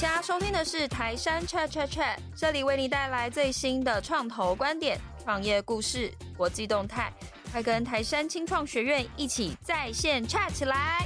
大家收聽的是台杉 Chat Chat Chat，這裡為你帶來最新的創投觀點、創業故事、國際動態，快跟台杉青創學院一起在線 chat 起來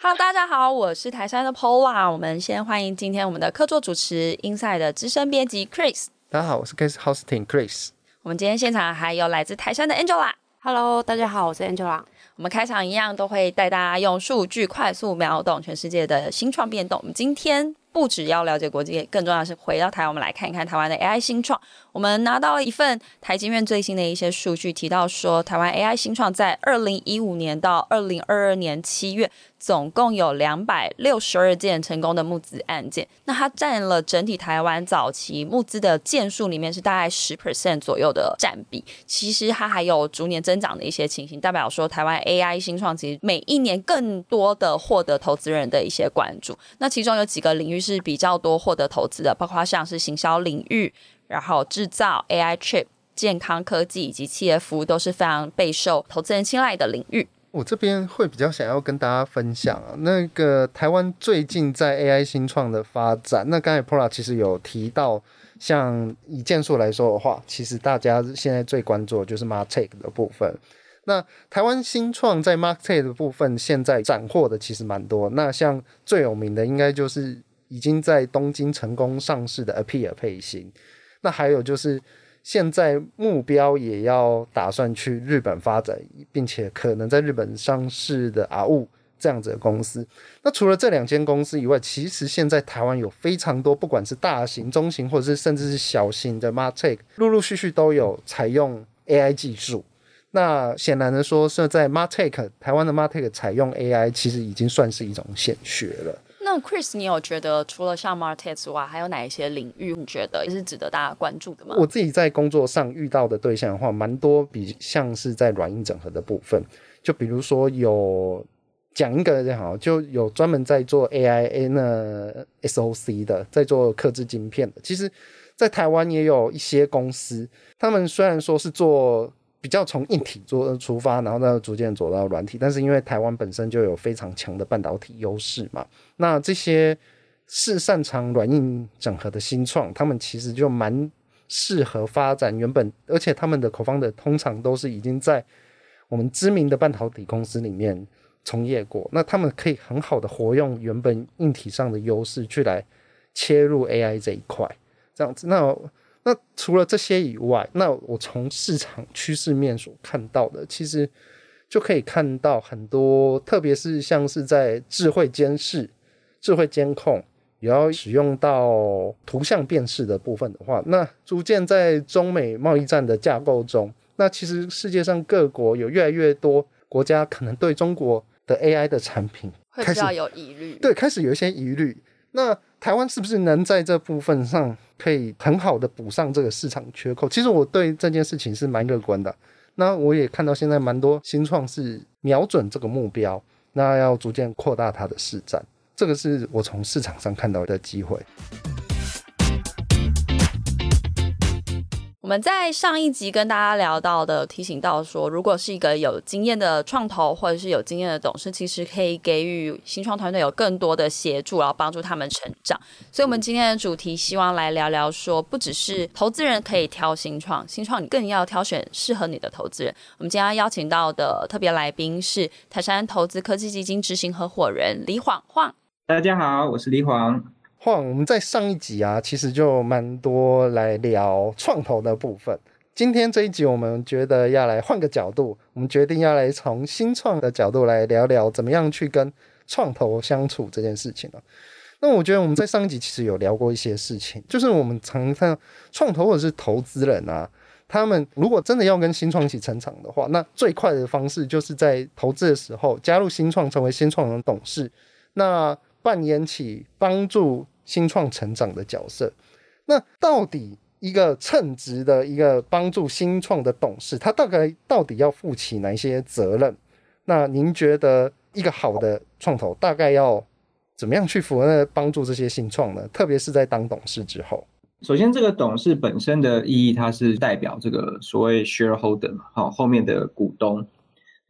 ！Hello，大家好，我是台杉的 Paula，我們先歡迎今天我們的客座主持 Inside 的資深編輯 Chris。大家好，我是 Case Hosting Chris。我們今天現場還有來自台杉的 Angela。Hello，大家好，我是 Angela。我們開場一樣都會帶大家用數據快速秒懂全世界的新創變動。我們今天不只要了解國際，更重要的是回到台灣，我們來看一看台灣的 AI 新創。我們拿到了一份台經院最新的一些數據，提到說，台灣 AI 新創在二零一五年到二零二二年七月，總共有兩百六十二件成功的募資案件。那它占了整體台灣早期募資的件數裡面是大概十 percent 左右的占比。其實它還有逐年增長的一些情形，代表說台灣 AI 新創其實每一年更多的獲得投資人的一些關注。那其中有幾個領域是比較多獲得投資的，包括像是行銷領域。然後製造 AI chip、健康科技以及企業服務，都是非常備受投資人青睞的領域。我這邊會比較想要跟大家分享，啊，那個台灣最近在 AI 新創的發展。那剛才 Pola 其實有提到，像以件數來說的話，其實大家現在最關注的就是 MarTech 的部分。那台灣新創在 MarTech 的部分，現在斬獲的其實蠻多。那像最有名的，應該就是已經在東京成功上市的 Appier 沛星。那還有就是，現在目標也要打算去日本發展，並且可能在日本上市的阿物這樣子的公司。那除了這兩間公司以外，其實現在台灣有非常多，不管是大型、中型，或者是甚至是小型的 Martech，陸陸續續都有採用 AI 技術。那顯然的說，是在 Martech 台灣的 Martech 採用 AI，其實已經算是一種顯學了。那 Chris，你有覺得除了像 MarTech 之外，還有哪一些領域你覺得也是值得大家關注的嗎？我自己在工作上遇到的對象的話，蠻多，比像是在軟硬整合的部分，就比如說有講一個就好，就有專門在做 AI 那 S O C 的，在做客製晶片的，其實，在台灣也有一些公司，他們雖然說是做。比較從硬體做出發，然後呢，逐漸走到軟體，但是因為台灣本身就有非常強的半導體優勢嘛，那這些是擅長軟硬整合的新創，他們其實就蠻適合發展原本，而且他們的口方的通常都是已經在我們知名的半導體公司裡面從業過，那他們可以很好的活用原本硬體上的優勢去來切入 AI 這一塊，這樣子那，那除了這些以外，那我從市場趨勢面所看到的，其實就可以看到很多，特別是像是在智慧監視、智慧監控也要使用到圖像辨識的部分的話，那逐漸在中美貿易戰的架構中，那其實世界上各國有越來越多國家可能對中國的 AI 的產品開始會比較有疑慮，對，開始有一些疑慮。那台灣是不是能在這部分上可以很好的補上這個市場缺口？其實我對這件事情是蠻樂觀的。那我也看到現在蠻多新創是瞄準這個目標，那要逐漸擴大它的市占，這個是我從市場上看到的機會。我們在上一集跟大家聊到的，提醒到說，如果是一個有經驗的創投或者是有經驗的董事，其實可以給予新創團隊有更多的協助，然後幫助他們成長。所以，我們今天的主題希望來聊聊說，不只是投資人可以挑新創，新創你更要挑選適合你的投資人。我們今天要邀請到的特別來賓是台杉投資科技基金執行合夥人李晃晃。大家好，我是李晃。晃，我們在上一集啊，其實就蠻多來聊創投的部分。今天這一集，我們覺得要來換個角度，我們決定要來從新創的角度來聊聊怎麼樣去跟創投相處這件事情了。那我覺得我們在上一集其實有聊過一些事情，就是我們常常看創投或者是投資人啊，他們如果真的要跟新創一起成長的話，那最快的方式就是在投資的時候加入新創，成為新創的董事。那扮演起幫助新創成長的角色，那到底一個稱職的一個幫助新創的董事，他大概到底要負起哪一些責任？那您覺得一個好的創投大概要怎麼樣去符合幫助這些新創呢？特別是在當董事之後，首先這個董事本身的意義，它是代表這個所謂 shareholder 好後面的股東。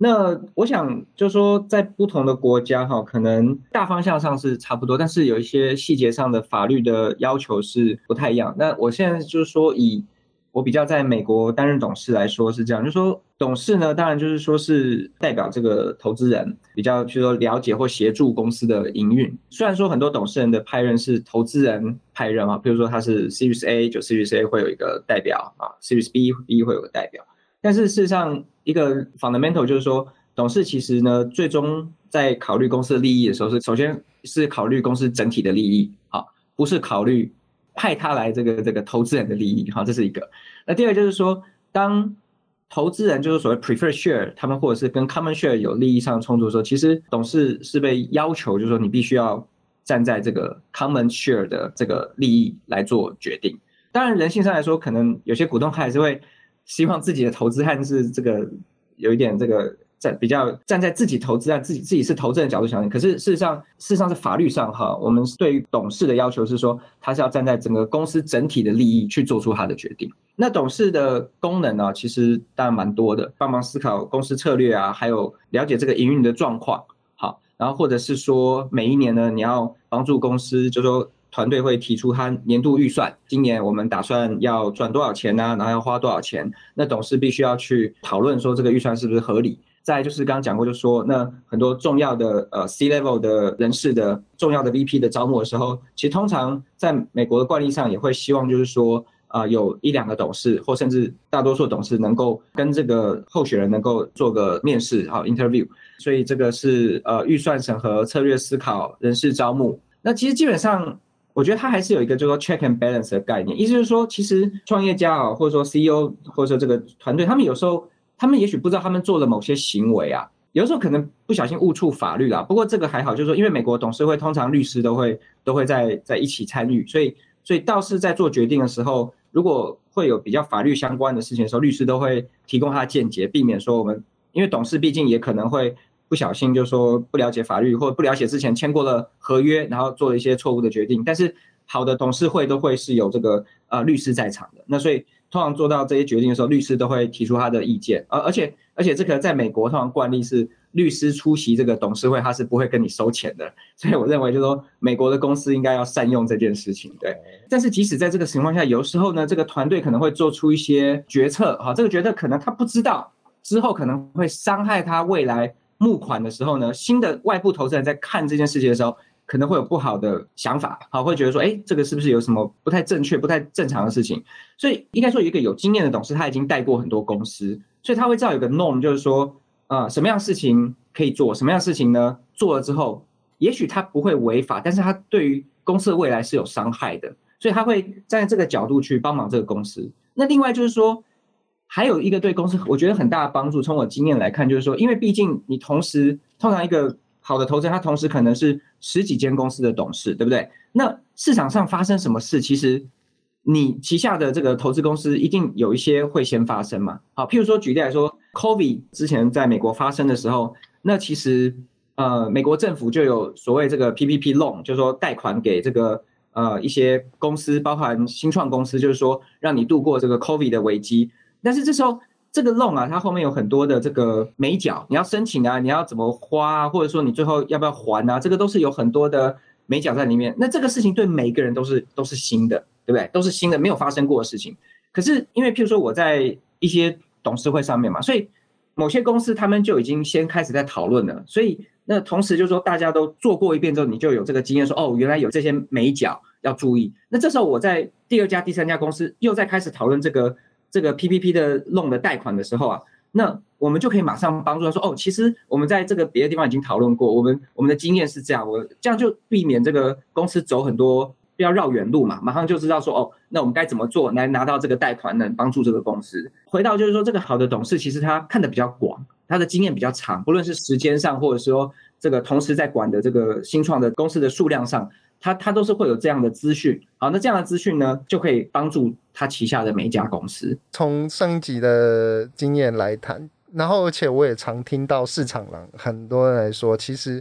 那我想就是說，在不同的國家哈，可能大方向上是差不多，但是有一些細節上的法律的要求是不太一樣。那我現在就是說，以我比較在美國擔任董事來說是這樣，就是說董事呢，當然就是說是代表這個投資人，比較就是說了解或協助公司的營運。雖然說很多董事人的派任是投資人派任嘛，比如說他是 Series A 就 Series A 會有一個代表啊，Series B B 會有個代表。但是事實上，一個 fundamental 就是說，董事其實呢，最終在考慮公司利益的時候，是首先是考慮公司整體的利益，好，不是考慮派他來這個這個投資人的利益，好，這是一個。那第二就是說，當投資人就是所謂 prefer share，他們或者是跟 common share 有利益上充足的衝突的時候，其實董事是被要求就是說，你必須要站在這個 common share 的這個利益來做決定。當然，人性上來說，可能有些股東還是會。希望自己的投資還是這個有一點這個站比較站在自己投資啊，自己自己是投資的角度想，可是事實上，事實上是法律上哈，我們對於董事的要求是說，他是要站在整個公司整體的利益去做出他的決定。那董事的功能呢、啊，其實當然蠻多的，幫忙思考公司策略啊，還有了解這個營運的狀況，好，然後或者是說每一年呢，你要幫助公司就是說。團隊會提出他年度預算，今年我們打算要賺多少錢呢、啊？然後要花多少錢？那董事必須要去討論說這個預算是不是合理。再就是剛剛講過，就是說那很多重要的呃 C level 的人事的重要的 VP 的招募的時候，其實通常在美國的慣例上也會希望就是說啊、呃、有一兩個董事或甚至大多數的董事能夠跟這個候選人能夠做個面試好，interview。所以這個是呃預算審核、策略思考、人事招募。那其實基本上。我覺得他還是有一個叫做 check and balance 的概念，意思就是說，其實創業家啊，或者說 CEO，或者說這個團隊，他們有時候，他們也許不知道他們做了某些行為啊，有時候可能不小心誤觸法律啊。不過這個還好，就是說，因為美國董事會通常律師都會都會在在一起參與，所以所以倒是在做決定的時候，如果會有比較法律相關的事情的時候，律師都會提供他的見解，避免說我們因為董事畢竟也可能會。不小心就說不了解法律，或者不了解之前簽過了合約，然後做了一些錯誤的決定。但是好的董事會都會是有這個呃律師在場的，那所以通常做到這些決定的時候，律師都會提出他的意見。而、啊、而且而且這個在美國通常慣例是律師出席這個董事會，他是不會跟你收錢的。所以我認為就是說美國的公司應該要善用這件事情。對，但是即使在這個情況下，有時候呢這個團隊可能會做出一些決策，哈、啊，這個決策可能他不知道之後可能會傷害他未來。募款的時候呢，新的外部投資人在看這件事情的時候，可能會有不好的想法，好，會覺得說，哎、欸，這個是不是有什麼不太正確、不太正常的事情？所以應該說，一個有經驗的董事，他已經帶過很多公司，所以他會知道有個 norm，就是說，呃，什麼樣事情可以做，什麼樣事情呢，做了之後，也許他不會違法，但是他對於公司的未來是有傷害的，所以他會站在這個角度去幫忙這個公司。那另外就是說。還有一個對公司我覺得很大的幫助，從我經驗來看，就是說，因為畢竟你同時通常一個好的投資人，他同時可能是十幾間公司的董事，對不對？那市場上發生什麼事，其實你旗下的這個投資公司一定有一些會先發生嘛。好，譬如說舉例來說，COVID 之前在美國發生的時候，那其實呃美國政府就有所謂這個 PPP loan，就是說貸款給這個呃一些公司，包含新創公司，就是說讓你度過這個 COVID 的危機。但是這時候，這個弄啊，它後面有很多的這個眉角，你要申請啊，你要怎麼花啊，或者說你最後要不要還啊，這個都是有很多的眉角在裡面。那這個事情對每個人都是都是新的，對不對？都是新的，沒有發生過的事情。可是因為譬如說我在一些董事會上面嘛，所以某些公司他們就已經先開始在討論了。所以那同時就是說大家都做過一遍之後，你就有這個經驗說，哦，原來有這些眉角要注意。那這時候我在第二家、第三家公司又在開始討論這個。這個 PPP 的弄的貸款的時候啊，那我們就可以馬上幫助他說，哦，其實我們在這個別的地方已經討論過，我們我們的經驗是這樣，我這樣就避免這個公司走很多要繞遠路嘛，馬上就知道說，哦，那我們該怎麼做來拿到這個貸款呢？幫助這個公司，回到就是說這個好的董事其實他看得比較廣，他的經驗比較長，不論是時間上，或者說這個同時在管的這個新創的公司的數量上，他他都是會有這樣的資訊。好，那這樣的資訊呢，就可以幫助。他旗下的每一家公司，從上一集的經驗來談，然後而且我也常聽到市場人很多人來說，其實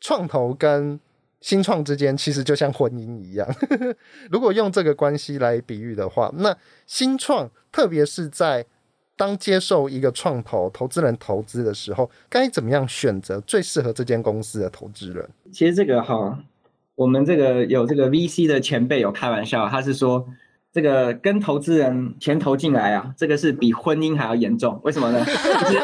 創投跟新創之間其實就像婚姻一樣。呵呵如果用這個關係來比喻的話，那新創特別是在當接受一個創投投資人投資的時候，該怎麼樣選擇最適合這間公司的投資人？其實這個哈，我們這個有這個 VC 的前輩有開玩笑，他是說。這個跟投資人錢投進來啊，這個是比婚姻還要嚴重，為什麼呢？ 就是、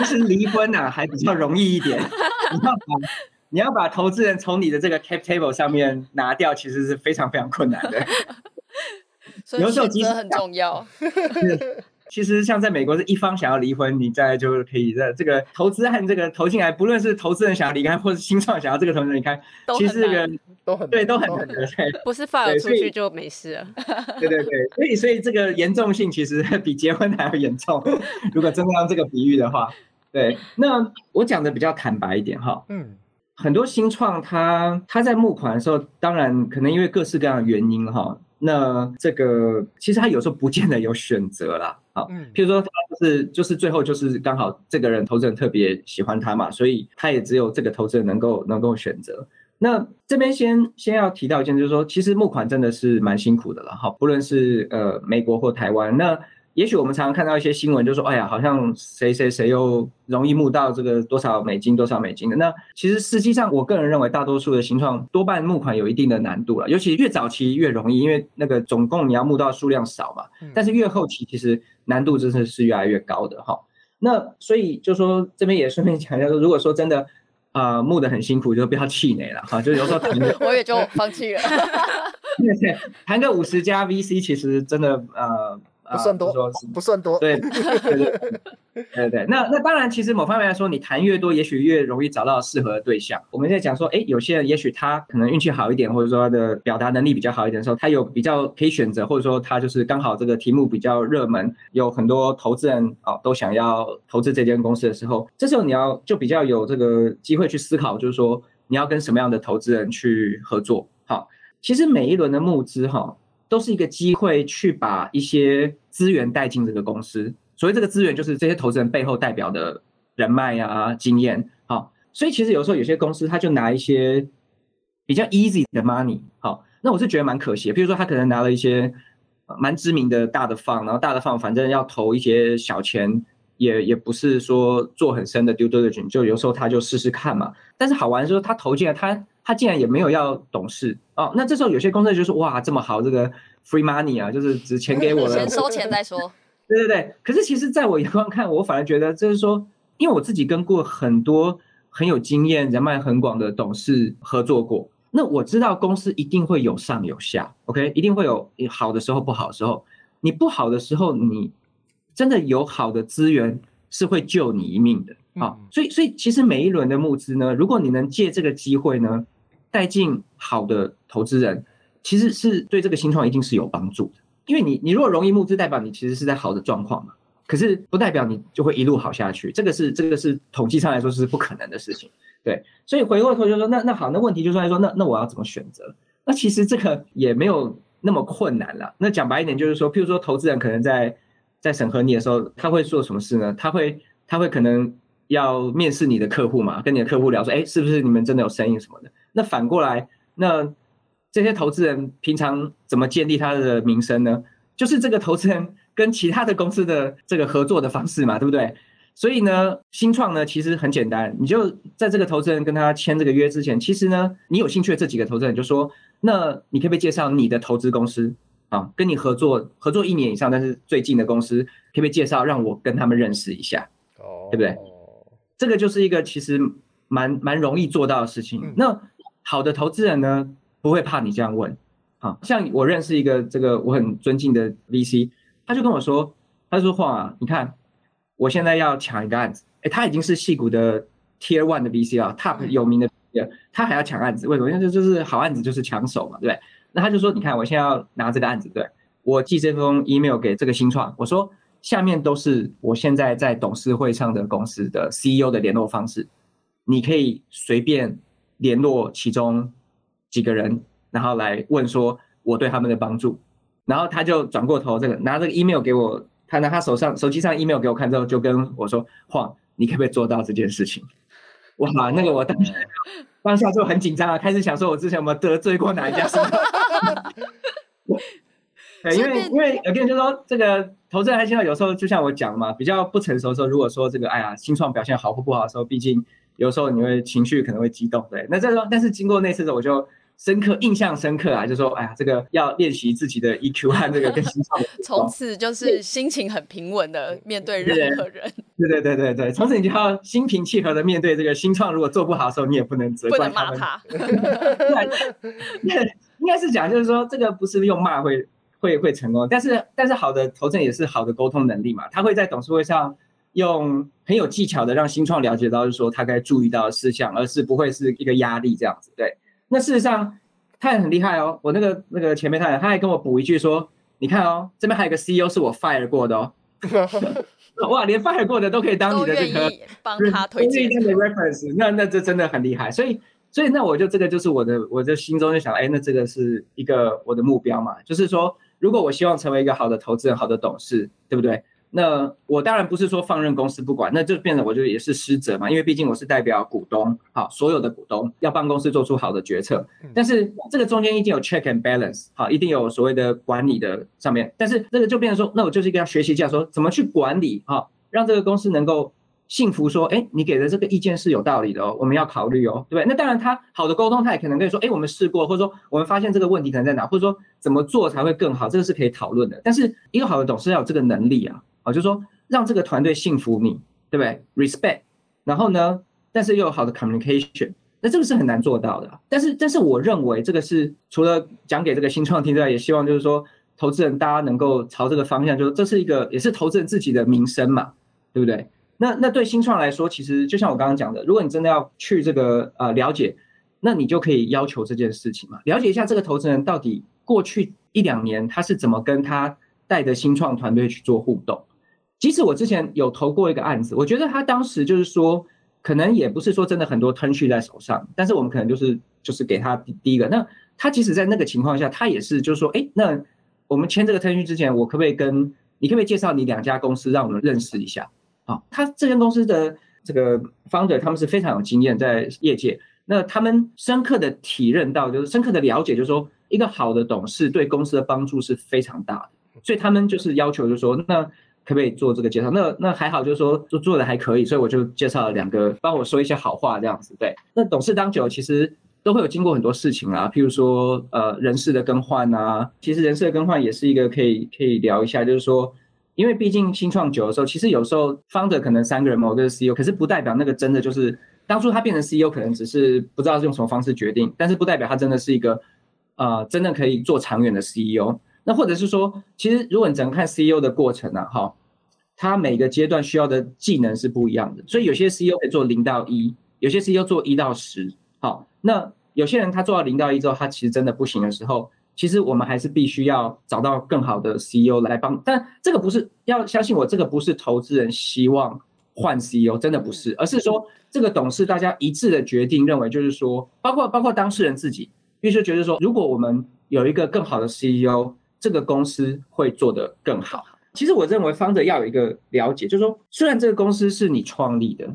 就是離婚啊，還比較容易一點。 你要把你要把投資人從你的這個 cap table 上面拿掉， 其實是非常非常困難的。所以選擇很重要。 其實，像在美國，是一方想要離婚，你再就是可以在這個投資案、這個投進來，不論是投資人想要離開，或是新創想要這個投資人離開，其實都很對，都很難，不是發了出去就沒事了。 對對對，所以所以這個嚴重性其實比結婚還要嚴重。如果真的用這個比喻的話，對，那我講的比較坦白一點哈、哦，嗯，很多新創他他在募款的時候，當然可能因為各式各樣的原因哈、哦。那這個其實他有時候不見得有選擇啦。好，譬如說他，就是就是最後就是剛好這個人投資人特別喜歡他嘛，所以他也只有這個投資人能夠能夠選擇。那這邊先先要提到一件，就是說其實募款真的是蠻辛苦的了，哈，不論是呃美國或台灣，那，也許我們常常看到一些新聞，就是說：“哎呀，好像誰誰誰又容易募到這個多少美金，多少美金的。”那其實實際上，我個人認為，大多數的形狀多半募款有一定的難度了，尤其越早期越容易，因為那個總共你要募到數量少嘛。但是越後期，其實難度真的是越來越高的哈。那所以就說這邊也順便強調說，如果說真的啊、呃、募得很辛苦，就不要氣餒了哈。就有時候 我也就放棄了 談個五十加 VC，其實真的呃。不算多、啊，不，不算多。對， 對對對，那那，當然，其實某方面來說，你談越多，也許越容易找到適合的對象。我們在講說，哎，有些人也許他可能運氣好一點，或者說他的表達能力比較好一點的時候，他有比較可以選擇，或者說他就是剛好這個題目比較熱門，有很多投資人啊、哦、都想要投資這間公司的時候，這時候你要就比較有這個機會去思考，就是說你要跟什麼樣的投資人去合作。好，其實每一輪的募資哈。哦都是一個機會去把一些資源帶進這個公司。所以這個資源，就是這些投資人背後代表的人脈啊、經驗。好，所以其實有時候有些公司，他就拿一些比較 easy 的 money，哦。好，那我是覺得蠻可惜的。比如說，他可能拿了一些蠻知名的大的 fund，然後大的 fund，反正要投一些小錢。也也不是說做很深的 due diligence，就有時候他就試試看嘛。但是好玩的時候，他投進來，他他竟然也沒有要董事哦。那這時候有些公司就說哇，這麼好這個 free money 啊，就是值錢給我的。 先收錢再說。 對對對。可是其實在我眼光看，我反而覺得就是說，因為我自己跟過很多很有經驗、人脈很廣的董事合作過，那我知道公司一定會有上有下，OK，一定會有好的時候、不好的時候。你不好的時候，你。真的有好的資源是會救你一命的啊！所以，所以其實每一輪的募資呢，如果你能借這個機會呢，帶進好的投資人，其實是對這個新創一定是有幫助的。因為你，你如果容易募資，代表你其實是在好的狀況嘛。可是，不代表你就會一路好下去。這個是，這個是統計上來說是不可能的事情。對，所以回過頭就說，那那好，那問題就是說，那那我要怎麼選擇？那其實這個也沒有那麼困難了。那講白一點，就是說，譬如說投資人可能在。在審核你的時候，他會做什麼事呢？他會，他會可能要面試你的客戶嘛，跟你的客戶聊說，哎，是不是你們真的有生意什麼的？那反過來，那這些投資人平常怎麼建立他的名聲呢？就是這個投資人跟其他的公司的這個合作的方式嘛，對不對？所以呢，新創呢其實很簡單，你就在這個投資人跟他簽這個約之前，其實呢，你有興趣的這幾個投資人，就說，那你可不可以介紹你的投資公司？啊，跟你合作合作一年以上，但是最近的公司可不可以介紹讓我跟他們認識一下，哦，oh. 對不對？這個就是一個其實蠻蠻容易做到的事情。嗯、那好的投資人呢，不會怕你這樣問。啊，像我認識一個這個我很尊敬的 VC，他就跟我說，他說：“晃啊，你看我現在要搶一個案子，誒他已經是矽谷的 Tier One 的 VC 啊、嗯、，Top 有名的 VC 了，他還要搶案子，為什麼？因為這就是好案子就是搶手嘛，對不對？”那他就說：“你看，我現在要拿這個案子，對我寄這封 email 給這個新創，我說下面都是我現在在董事會上的公司的 CEO 的聯絡方式，你可以隨便聯絡其中幾個人，然後來問說我對他們的幫助。”然後他就轉過頭，這個拿這個 email 給我，他拿他手上手機上 email 給我看之後，就跟我說：“晃，你可不可以做到這件事情？”哇，那個我當時當下就很緊張啊，開始想說我之前有沒有得罪過哪一家？ 對，因為是是因為有個人就說這個投資人還知道有時候就像我講嘛，比較不成熟的時候，如果說這個哎呀新創表現好或不，不好的時候，畢竟有時候你會情緒可能會激動，對，那這個，但是經過那次的我就深刻印象深刻啊，就說哎呀這個要練習自己的 EQ 和這個跟新創。從 此就是心情很平穩的面對任何人。對對對對對，從此你就要心平氣和的面對這個新創，如果做不好的時候，你也不能責怪他。應該是講，就是說這個不是用罵會會會成功，但是但是好的投資也是好的溝通能力嘛，他會在董事會上用很有技巧的讓新創了解到，就是說他該注意到的事項，而是不會是一個壓力這樣子。對，那事實上他也很厲害哦。我那個那個前面他他還跟我補一句說，你看哦，這邊還有個 CEO 是我 fire 過的哦， 哇，連 fire 過的都可以當你的這個幫他推薦是，那那這真的很厲害，所以。所以那我就這個就是我的，我的心中就想，哎，那這個是一個我的目標嘛，就是說，如果我希望成為一個好的投資人、好的董事，對不對？那我當然不是說放任公司不管，那就變得我就也是失責嘛，因為畢竟我是代表股東，好，所有的股東要幫公司做出好的決策。但是這個中間一定有 check and balance，好，一定有所謂的管理的上面。但是這個就變成說，那我就是一個要學習，一下說怎麼去管理，好，讓這個公司能夠。幸福說：“哎，你給的這個意見是有道理的哦，我們要考慮哦，對不對？那當然，他好的溝通，他也可能跟你說：‘哎，我們試過，或者說我們發現這個問題可能在哪，或者說怎麼做才會更好。’這個是可以討論的。但是，一個好的董事要有這個能力啊，啊，哦，就是說讓這個團隊信服你，對不對？Respect。然後呢，但是又有好的 communication，那這個是很難做到的啊。但是，但是我認為這個是除了講給這個新創聽之外，也希望就是說投資人大家能夠朝這個方向，就是這是一個，也是投資人自己的名聲嘛，對不對？”那那對新創來說，其實就像我剛剛講的，如果你真的要去這個呃了解，那你就可以要求這件事情嘛，了解一下這個投資人到底過去一兩年他是怎麼跟他帶的新創團隊去做互動。即使我之前有投過一個案子，我覺得他當時就是說，可能也不是說真的很多 t u r e 在手上，但是我們可能就是就是給他第一個。那他即使在那個情況下，他也是就是說，哎，那我們簽這個 t u r e 之前，我可不可以跟你可不可以介紹你兩家公司，讓我們認識一下。好，哦、他這間公司的這個 founder 他們是非常有經驗在業界，那他們深刻的體認到，就是深刻的了解，就是說一個好的董事對公司的幫助是非常大的，所以他們就是要求，就是說那可不可以做這個介紹？那那還好，就是說就做做的還可以，所以我就介紹了兩個，幫我說一些好話這樣子。對，那董事當久其實都會有經過很多事情啊，譬如說呃人事的更換啊，其實人事的更換也是一個可以可以聊一下，就是說。因為畢竟新創久的時候，其實有時候 founder 可能三個人，某一個是 CEO，可是不代表那個真的就是當初他變成 CEO 可能只是不知道是用什麼方式決定，但是不代表他真的是一個、呃、真的可以做長遠的 CEO。那或者是說，其實如果你整個看 CEO 的過程啊，哈、哦，他每個階段需要的技能是不一樣的，所以有些 CEO 可以做零到一，有些 CEO 做一到十，好，那有些人他做到零到一之後，他其實真的不行的時候，其實我們還是必須要找到更好的 CEO 來幫，但這個不是要相信我，這個不是投資人希望換 CEO，真的不是，而是說這個董事大家一致的決定認為，就是說，包括包括當事人自己，必須覺得說，如果我們有一個更好的 CEO，這個公司會做得更好。其實我認為 Founder 要有一個了解，就是說，雖然這個公司是你創立的，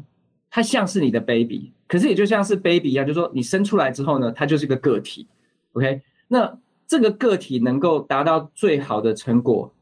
它像是你的 baby，可是也就像是 baby 一樣，就是說你生出來之後呢，它就是一個個體，OK？那。這個個體能夠達到最好的成果，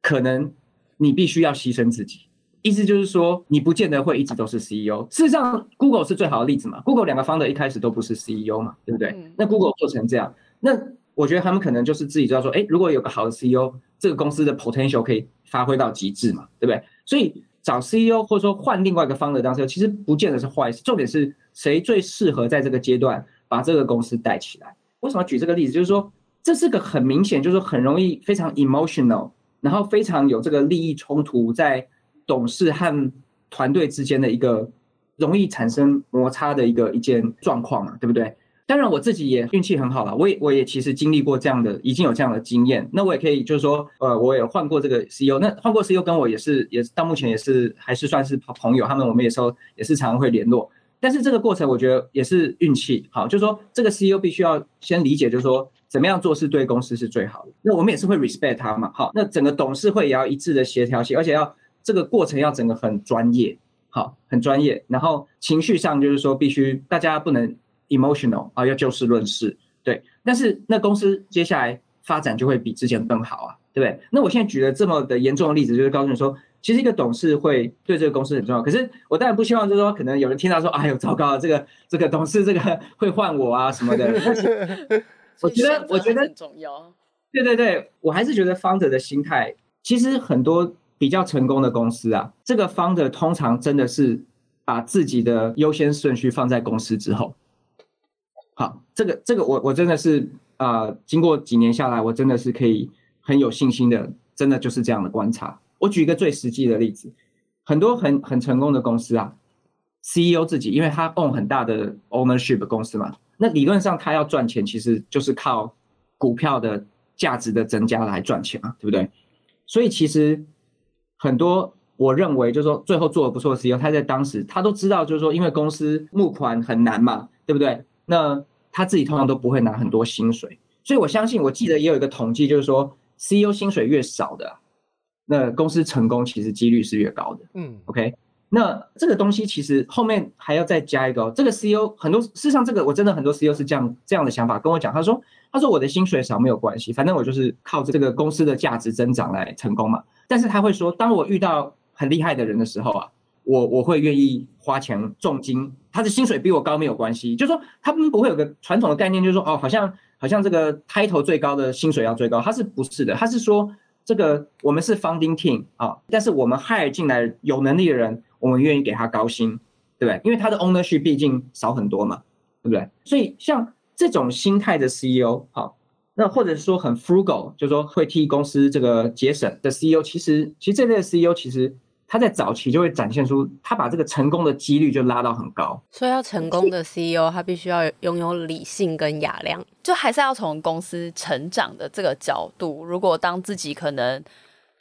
可能你必須要犧牲自己。意思就是說，你不見得會一直都是 CEO。事實上，Google 是最好的例子嘛。Google 兩個 founder，一開始都不是 CEO 嘛，對不對？那 Google 做成這樣，那我覺得他們可能就是自己知道說，誒，如果有個好的 CEO，這個公司的 potential 可以發揮到極致嘛，對不對？所以找 CEO 或者說換另外一個 founder 當 CEO，其實不見得是壞事。重點是誰最適合在這個階段把這個公司帶起來？為什麼舉這個例子？就是說，這是個很明顯，就是很容易非常 emotional，然後非常有這個利益衝突在董事和團隊之間的一個容易產生摩擦的一個一件狀況嘛，對不對？當然我自己也運氣很好了，我也我也其實經歷過這樣的，已經有這樣的經驗。那我也可以就是說，呃，我也換過這個 CEO，那換過 CEO 跟我也是也是到目前也是還是算是朋友，他們我們也是常常會聯絡。但是這個過程我覺得也是運氣好，就是說這個 CEO 必須要先理解，就是說。怎麼樣做是對公司是最好的？那我們也是會 respect 他嘛。好，那整個董事會也要一致的協調性，而且要這個過程要整個很專業，好，很專業。然後情緒上就是說，必須大家不能 emotional 啊，要就事論事。對，但是那公司接下來發展就會比之前更好啊，對不對？那我現在舉了這麼的嚴重的例子，就是告訴你說，其實一個董事會對這個公司很重要。可是我當然不希望，就是說可能有人聽到說，哎呦，糟糕，這個這個董事這個會換我啊什麼的。 啊、我覺得，我覺得很重要。對對對，我還是覺得 Founder 的心態，其實很多比較成功的公司啊，這個 Founder 通常真的是把自己的優先順序放在公司之後。好，這個這個我，我我真的是啊、呃，經過幾年下來，我真的是可以很有信心的，真的就是這樣的觀察。我舉一個最實際的例子，很多很很成功的公司啊，CEO 自己因為他 own 很大的 ownership 公司嘛。那理論上，他要賺錢，其實就是靠股票的價值的增加來賺錢嘛，對不對？所以其實很多我認為，就是說最後做的不錯的 CEO，他在當時他都知道，就是說因為公司募款很難嘛，對不對？那他自己通常都不會拿很多薪水，所以我相信，我記得也有一個統計，就是說 CEO 薪水越少的，那公司成功其實幾率是越高的。嗯，OK。那這個東西其實後面還要再加一個哦，這個 CEO 很多，事實上這個我真的很多 CEO 是這樣這樣的想法跟我講，他說他說我的薪水少沒有關係，反正我就是靠着這個公司的價值增長來成功嘛。但是他會說，當我遇到很厲害的人的時候啊，我我會願意花錢重金，他的薪水比我高沒有關係，就是說他們不會有個傳統的概念，就是說哦好像好像這個 title 最高的薪水要最高，他是不是的？他是說這個我們是 founding team 啊、哦，但是我們 hire 進來有能力的人。我們願意給他高薪，對不對？因為他的 ownership 畢竟少很多嘛，對不對？所以像這種心態的 CEO，好、哦，那或者是說很 frugal，就是說會替公司這個節省的 CEO，其實其實這類的 CEO，其實他在早期就會展現出他把這個成功的幾率就拉到很高。所以要成功的 CEO，他必須要擁有理性跟雅量，就還是要從公司成長的這個角度。如果當自己可能。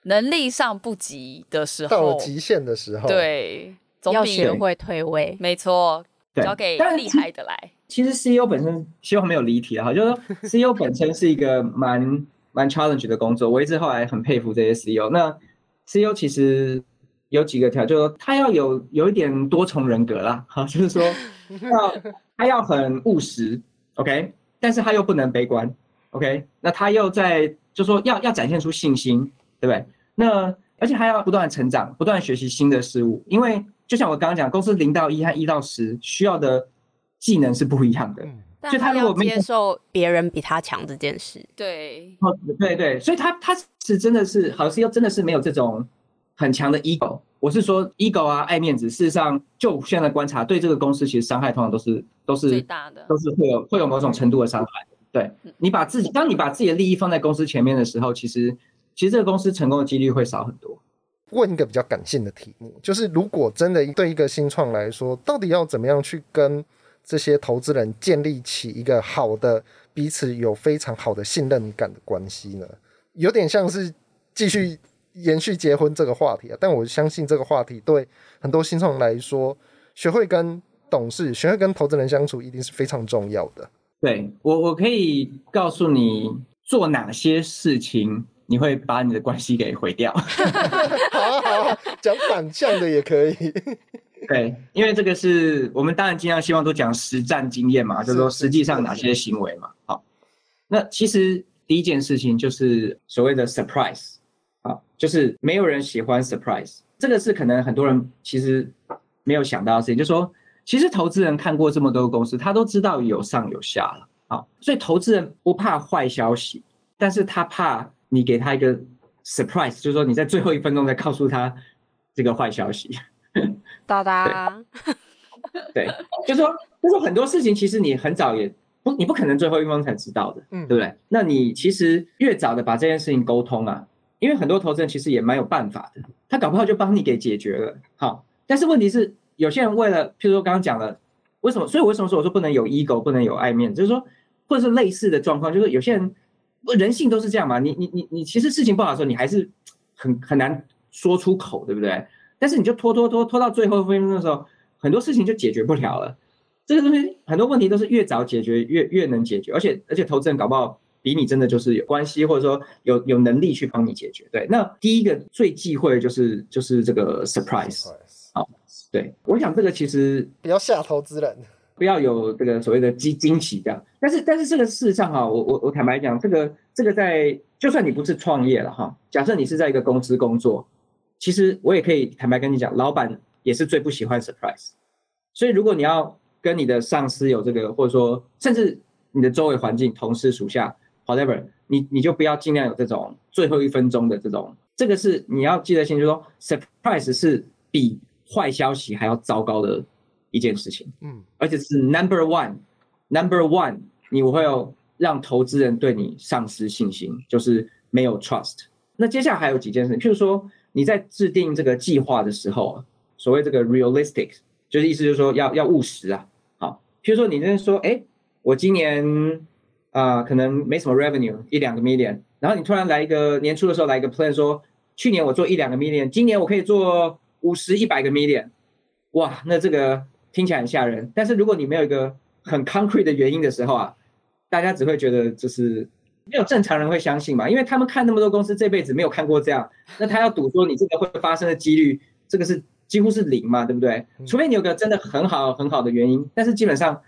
能力上不及的時候，到極限的時候，對，總比學會退位，沒錯，交給厲害的來。其、其實 CEO 本身，希望沒有離題哈，就是說 CEO 本身是一個蠻蠻 challenge 的工作。我一直後來很佩服這些 CEO。那 CEO 其實有幾個條，就說他要有有一點多重人格啦。哈，就是說 要他要很務實，OK，但是他又不能悲觀，OK，那他又在就說要要展現出信心。對不對？那而且還要不斷成長，不斷學習新的事物，因為就像我剛剛講，公司零到一和一到十需要的技能是不一樣的。但他要接受別人比他強這件事。對，對對，所以他他是真的是好像又真的是沒有這種很強的 ego。我是說 ego 啊，愛面子。事實上，就現在觀察，對這個公司其實傷害通常都是都是最大的，都是會有會有某種程度的傷害。對，你把自己，當你把自己的利益放在公司前面的時候，其實。其實這個公司成功的幾率會少很多。問一個比較感性的題目，就是如果真的對一個新創來說，到底要怎麼樣去跟這些投資人建立起一個好的、彼此有非常好的信任感的關係呢？有點像是繼續延續結婚這個話題啊，但我相信這個話題對很多新創來說，學會跟董事、學會跟投資人相處，一定是非常重要的。對，我，我可以告訴你做哪些事情。你會把你的關係給毀掉，好啊，好啊，講反向的也可以。對，因為這個是我們當然經常希望都講實戰經驗嘛，就是說實際上哪些行為嘛。好，那其實第一件事情就是所謂的 surprise，好，就是沒有人喜歡 surprise，這個是可能很多人其實沒有想到的事情，就是說其實投資人看過這麼多公司，他都知道有上有下了，好，所以投資人不怕壞消息，但是他怕你給他一個 surprise，就是說你在最後一分鐘再告訴他這個壞消息，噠 噠打打，對， 就是說，就是、說很多事情其實你很早也不，你不可能最後一分鐘才知道的，對不對？嗯、那你其實越早的把這件事情溝通啊，因為很多投資人其實也蠻有辦法的，他搞不好就幫你給解決了。好，但是問題是有些人為了，譬如說剛剛講了，為什麼？所以為什麼說我說不能有 ego，不能有愛面，就是說，或者是類似的狀況，就是有些人。人性都是這樣嘛，你你你你，你你其實事情不好的時候，你還是很很難說出口，對不對？但是你就拖拖拖拖到最後一分分鐘的時候，很多事情就解決不了了。這個東西很多問題都是越早解決越越能解決，而且而且投資人搞不好比你真的就是有關係，或者說有有能力去幫你解決。對，那第一個最忌諱就是就是這個 surprise。好，對，我想這個其實比較嚇投資人。不要有這個所謂的驚驚喜這樣，但是但是這個事實上哈，我我我坦白講，這個這個在就算你不是創業了哈，假設你是在一個公司工作，其實我也可以坦白跟你講，老闆也是最不喜歡 surprise，所以如果你要跟你的上司有這個，或者說甚至你的周圍環境同事屬下，whatever，你你就不要盡量有這種最後一分鐘的這種，這個是你要記得清楚說，surprise 是比壞消息還要糟糕的，一件事情，嗯，而且是 number one，number one，你會有讓投資人對你喪失信心，就是沒有 trust。那接下來還有幾件事情，譬如說你在制定這個計劃的時候，所謂這個 realistic，就是意思就是說要要務實啊。好，譬如說你那邊說，哎、欸，我今年啊、呃、可能沒什麼 revenue，一兩個 million，然後你突然來一個年初的時候來一個 plan，說去年我做一兩個 million，今年我可以做五十一百個 million，哇，那這個。聽起來很嚇人，但是如果你沒有一個很 concrete 的原因的時候啊，大家只會覺得就是沒有正常人會相信嘛，因為他們看那麼多公司這輩子沒有看過這樣，那他要賭說你這個會發生的幾率，這個是幾乎是零嘛，對不對？除非你有個真的很好很好的原因，但是基本上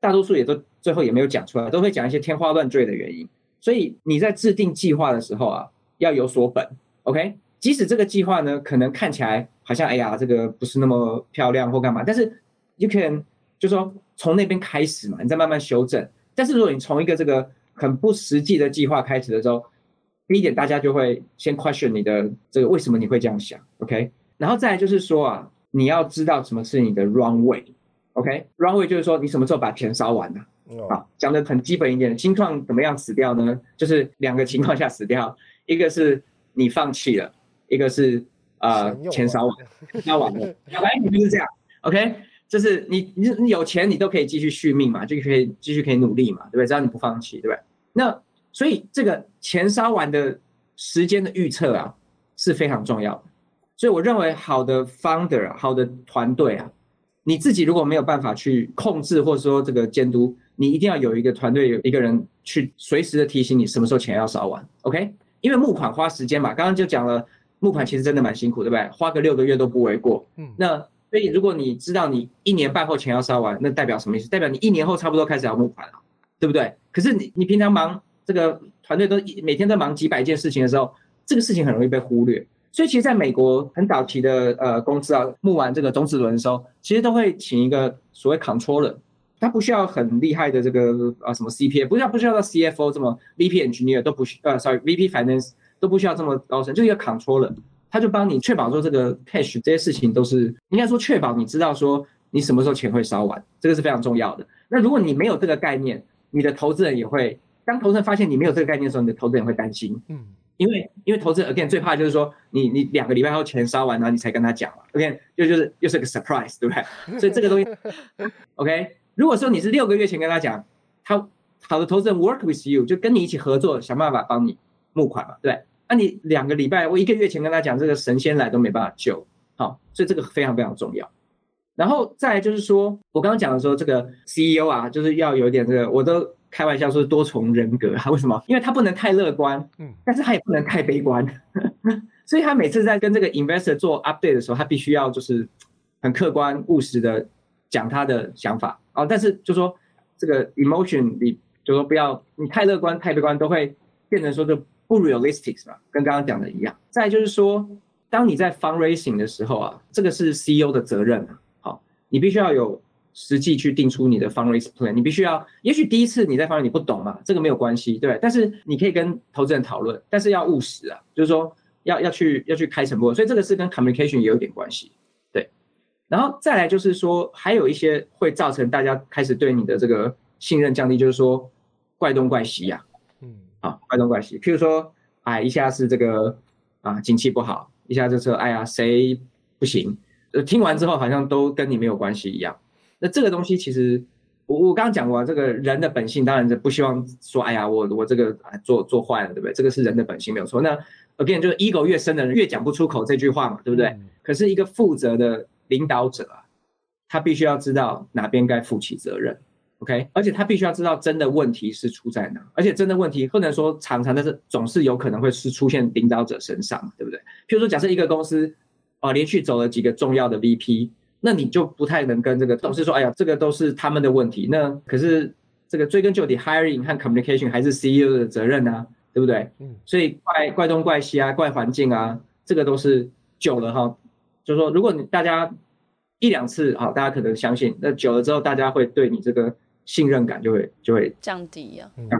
大多數也都最後也沒有講出來，都會講一些天花亂墜的原因，所以你在制定計劃的時候啊，要有所本，OK？即使這個計劃呢，可能看起來。好像哎呀，這個不是那麼漂亮或幹嘛，但是 you can 就是說從那邊開始嘛，你再慢慢修正。但是如果你從一個這個很不實際的計劃開始的時候，第一點大家就會先 question 你的這個為什麼你會這樣想，OK？然後再來就是說啊，你要知道什麼是你的 runway，OK？runway 就是說你什麼時候把錢燒完了，啊，講得很基本一點，新創怎麼樣死掉呢？就是兩個情況下死掉，一個是你放棄了，一個是。呃，錢燒完，燒完了，原來你就是這樣。OK，就是你你你有錢，你都可以繼續續命嘛，就可以繼續可以努力嘛，對不對？只要你不放棄，對不對？那所以這個錢燒完的時間的預測啊，是非常重要的。所以我認為好的 founder，好的團隊啊，你自己如果沒有辦法去控制或者說這個監督，你一定要有一個團隊，有一個人去隨時的提醒你什麼時候錢要燒完。OK，因為募款花時間嘛，剛剛就講了。募款其實真的蠻辛苦，對不對？花個六個月都不為過。嗯，那所以如果你知道你一年半後錢要燒完，那代表什麼意思？代表你一年後差不多開始要募款了，對不對？可是你你平常忙這個團隊都每天都忙幾百件事情的時候，這個事情很容易被忽略。所以其實在美國很早期的呃，公司啊募完這個種子輪的時候，其實都會請一個所謂 controller，他不需要很厲害的這個啊什麼 CPA 不需要不需要到 CFO 這麼 VP engineer 都不需要呃、uh、，sorry VP finance。都不需要這麼高深，就一個 control 了，他就幫你確保說這個 cash 這些事情都是應該說確保你知道說你什麼時候錢會燒完，這個是非常重要的。那如果你沒有這個概念，你的投資人也會，當投資人發現你沒有這個概念的時候，你的投資人會擔心，嗯，因，因為因為投資人 again 最怕就是說你你兩個禮拜後錢燒完然後你才跟他講嘛，OK 又就是又是個 surprise，對不對？ 所以這個東西，OK，如果說你是六個月前跟他講，他好的投資人 work with you 就跟你一起合作想辦法幫你募款嘛，對，對。那、啊、你兩個禮拜，我一個月前跟他講這個神仙來都沒辦法救，好、哦，所以這個非常非常重要。然後再來就是說，我剛剛講的時候，這個 CEO 啊，就是要有點這個，我都開玩笑說多重人格。為什麼？因為他不能太樂觀，嗯，但是他也不能太悲觀，呵呵。所以他每次在跟這個 investor 做 update 的時候，他必須要就是很客觀務實的講他的想法哦。但是就說這個 emotion 你就說不要你太樂觀太悲觀，都會變成說這。不 realistic 吧，跟剛剛講的一樣。再來就是說，當你在 fundraising 的時候啊，這個是 CEO 的責任啊，好、哦，你必須要有實際去定出你的 fundraising plan。你必須要，也許第一次你在 fundraising 你不懂嘛，這個沒有關係，對。但是你可以跟投資人討論，但是要務實啊，就是說要要去要去開誠布公。所以這個是跟 communication 也有點關係，對。然後再來就是說，還有一些會造成大家開始對你的這個信任降低，就是說怪東怪西呀、啊。啊，各種、哦、關係，譬如說，哎，一下是這個，啊，景氣不好，一下就說，哎呀，誰不行？就聽完之後，好像都跟你沒有關係一樣。那這個東西，其實我我剛講過，這個人的本性當然是不希望說，哎呀，我我這個、啊、做做壞了，對不對？這個是人的本性沒有錯。那 again，就是 ego 越深的人越講不出口這句話嘛，對不對？嗯、可是一個負責的領導者，他必須要知道哪邊該負起責任。OK，而且他必須要知道真的問題是出在哪兒，而且真的問題不能說常常，但是總是有可能會是出現領導者身上，對不對？譬如說假設一個公司啊，連續走了幾個重要的 VP，那你就不太能跟這個董事說，哎呀，這個都是他們的問題。那可是這個追根究底，hiring 和 communication 還是 CEO 的責任啊，對不對？所以怪怪東怪西啊，怪環境啊，這個都是久了哈，就是說如果你大家一兩次啊，大家可能相信，那久了之後大家會對你這個。信任感就會就會降低呀、啊。嗯，對。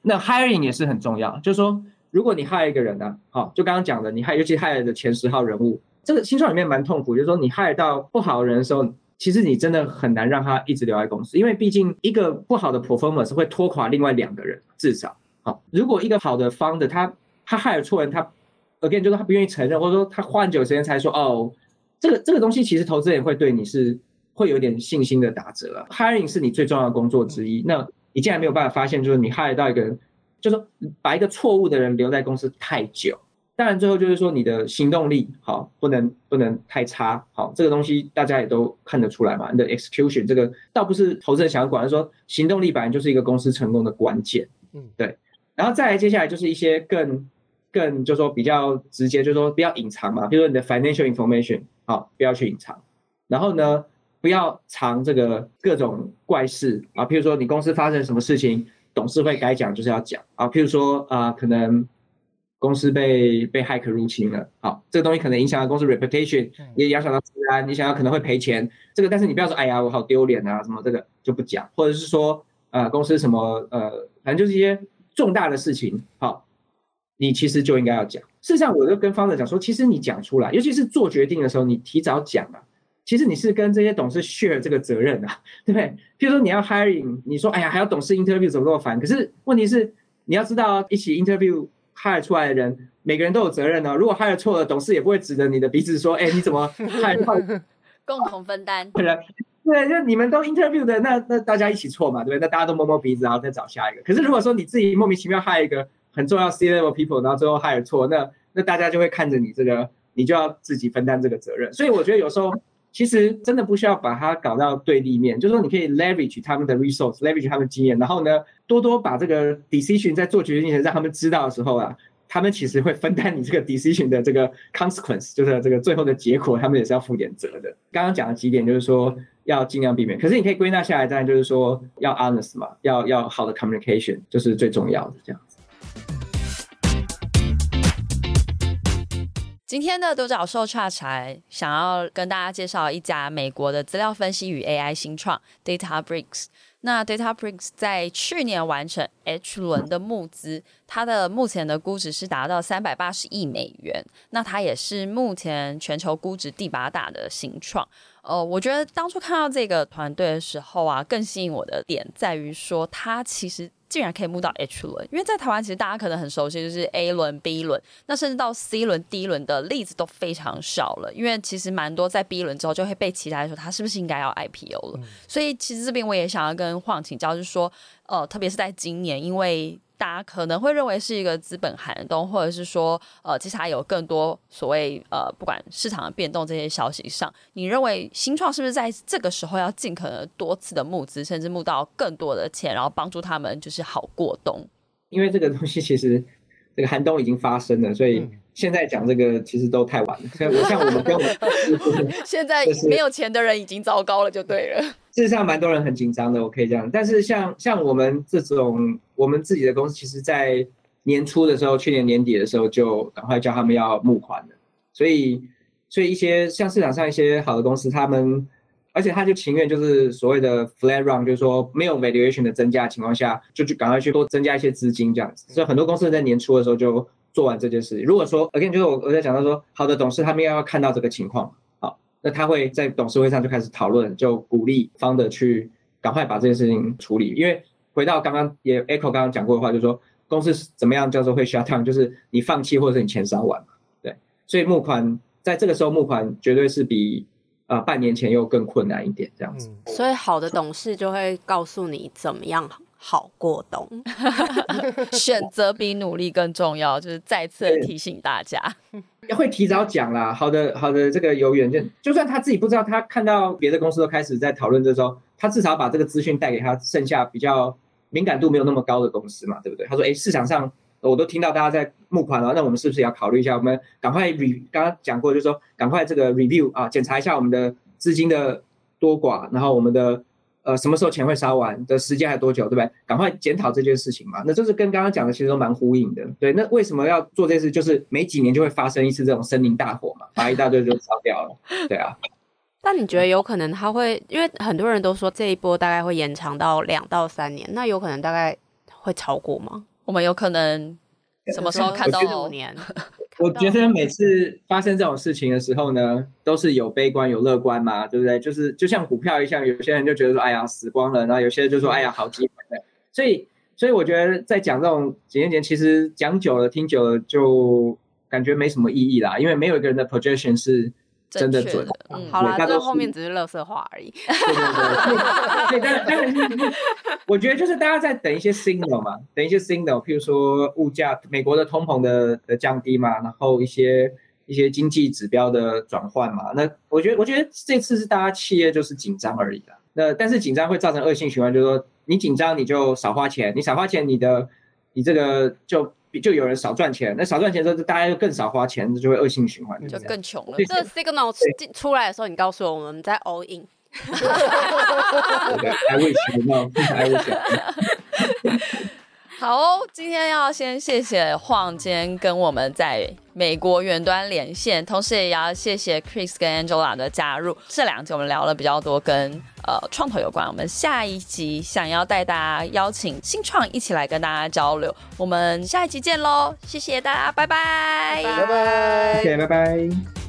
那 hiring 也是很重要，就是說，如果你害一個人呢，好，就剛剛講的，你害，尤其害了的前十號人物，這個新創裡面蠻痛苦，就是說，你害到不好的人的時候，其實你真的很難讓他一直留在公司，因為畢竟一個不好的 performance 會拖垮另外兩個人，至少。好，如果一個好的 founder，他他害了錯人，他 again 就是說他不願意承認，或者說他花很久時間才說，哦，這個這個東西，其實投資人會對你是。會有點信心的打折了。Hiring 是你最重要的工作之一。那你竟然沒有辦法發現，就是你 hire 到一個人，就是說把一個錯誤的人留在公司太久。當然，最後就是說你的行動力好，不能不能太差。好，這個東西大家也都看得出來嘛。你的 execution 這個倒不是投資人想要管，說行動力本來就是一個公司成功的關鍵。嗯，對。然後再來，接下來就是一些更更，就是說比較直接，就是說不要隱藏嘛。比如說你的 financial information 好，不要去隱藏。然後呢，不要藏這個各種怪事啊，譬如說你公司發生什麼事情，董事會該講就是要講啊。譬如說啊、呃，可能公司被被駭客入侵了，好、啊，這個東西可能影響到公司 reputation，也影響到資安，你想要可能會賠錢，這個但是你不要說哎呀我好丟臉啊什麼這個就不講，或者是說呃公司什麼呃反正就是一些重大的事情，好、啊，你其實就應該要講。事實上我就跟 founder 講說，其實你講出來，尤其是做決定的時候，你提早講嘛、啊其實你是跟這些董事 share 這個責任的、啊，對不對？譬如說你要 hiring，你說哎呀，還要董事 interview，怎麼那麼煩？可是問題是，你要知道一起 interview hire 出來的人，每個人都有責任呢、啊。如果 hire 錯了，董事也不會指着你的鼻子說，哎， 你怎麼 hire 錯？ 共同分擔 對，對就你們都 interview 的，那那大家一起錯嘛，對不對？那大家都摸摸鼻子，然後再找下一個。可是如果說你自己莫名其妙 hire 一個很重要 C level people，然後最後 hire 錯，那那大家就會看着你這個，你就要自己分擔這個責任。所以我覺得有時候。 其實真的不需要把它搞到對立面，就是說你可以 leverage 他們的 resource，leverage 他們經驗，然後呢，多多把這個 decision 在做決定前讓他們知道的時候啊，他們其實會分擔你這個 decision 的這個 consequence，就是這個最後的結果，他們也是要負點責的。剛剛講的幾點，就是說要儘量避免，可是你可以歸納下來，當然就是說要 honest 嘛，要要好的 communication 就是最重要的這樣子。今天的獨角獸 Chat 起來想要跟大家介紹一家美國的資料分析與 AI 新創 DataBricks。那 DataBricks 在去年完成 H 輪的募資，它的目前的估值是達到三百八十億美元。那它也是目前全球估值第八大的新創。呃，我覺得當初看到這個團隊的時候啊，更吸引我的點在於說，它其實。竟然可以募到 H 輪，因為在台灣其實大家可能很熟悉，就是 A 輪、B 輪，那甚至到 C 輪、D 輪的例子都非常少了。因為其實蠻多在 B 輪之後就會被期待說他是不是應該要 IPO 了。嗯、所以其實這邊我也想要跟晃請教，就是說，呃，特別是在今年，因為。大家可能會認為是一個資本寒冬，或者是說，呃，其實還有更多所謂，呃，不管市場的變動這些消息上，你認為新創是不是在這個時候要盡可能多次的募資，甚至募到更多的錢，然後幫助他們就是好過冬？因為這個東西其實這個寒冬已經發生了，所以。嗯現在講這個其實都太晚了。像我們跟我們，現在沒有錢的人已經糟糕了，就對了。 事實上，蠻多人很緊張的，我可以這樣。但是像像我們這種，我們自己的公司，其實在年初的時候，去年年底的時候就趕快叫他們要募款了。所以，所以一些像市場上一些好的公司，他們，而且他就情願就是所謂的 flat round，就是說沒有 valuation 的增加的情況下，就去趕快去多增加一些資金這樣子。所以很多公司在年初的時候就。做完這件事，如果說 again 就是我我在講到說，好的董事他們要看到這個情況，好，那他會在董事會上就開始討論，就鼓勵 Founder 去趕快把這件事情處理，因為回到剛剛也 echo 剛剛講過的話，就是說公司是怎麼樣叫做會 shut down，就是你放棄或者是你錢燒完嘛，對，所以募款在這個時候募款絕對是比啊、呃、半年前又更困難一點這樣子，所以好的董事就會告訴你怎麼樣。好過冬， 選擇比努力更重要。就是再次提醒大家，也會提早講啦。好的，好的，這個有遠見。就算他自己不知道，他看到別的公司都開始在討論這時候，他至少把這個資訊帶給他剩下比較敏感度沒有那麼高的公司嘛，對不對？他說：“哎、欸，市場上我都聽到大家在募款了，那我們是不是也要考慮一下？我們趕快剛剛講過就是，就說趕快這個 review 啊，檢查一下我們的資金的多寡，然後我們的。”呃，什麼時候錢會燒完的時間還多久，對不對？趕快檢討這件事情嘛。那就是跟剛剛講的其實都蠻呼應的，對。那為什麼要做這件事？就是每幾年就會發生一次這種森林大火嘛，把一大堆就燒掉了， 對啊。但你覺得有可能他會？因為很多人都說這一波大概會延長到兩到三年，那有可能大概會超過嗎？我們有可能什麼時候看到五年？ 我覺得每次發生這種事情的時候呢，都是有悲觀有樂觀嘛，對不對？就是就像股票一樣，有些人就覺得說，哎呀死光了，然後有些人就說，哎呀好機會。所以，所以我覺得在講這種幾年前，其實講久了聽久了就感覺沒什麼意義啦，因為沒有一個人的 projection 是。的真的準，好了，這後面只是樂色話而已。對對對，我覺得就是大家在等一些 signal 嘛，等一些 signal，譬如說物價、美國的通膨的的降低嘛，然後一些一些經濟指標的轉換嘛。那我覺得，我覺得這次是大家企業就是緊張而已啦。那但是緊張會造成惡性循環，就是說你緊張你就少花錢，你少花錢你的你這個就。就有人少賺錢，那少賺錢的時候大家就更少花錢，就，就會惡性循環，就更窮了。對這 signal 對出來的時候，你告訴我們對我們在 all in。哈哈還危險嗎？不還危險？哈好，哦，今天要先謝謝晃堅跟我們在美國遠端連線，同時也要謝謝 Chris 跟 Angela 的加入。這兩集我們聊了比較多跟呃創投有關，我們下一集想要帶大家邀請新創一起來跟大家交流。我們下一集見嘍，謝謝大家，拜拜，拜拜 bye，謝謝，拜拜。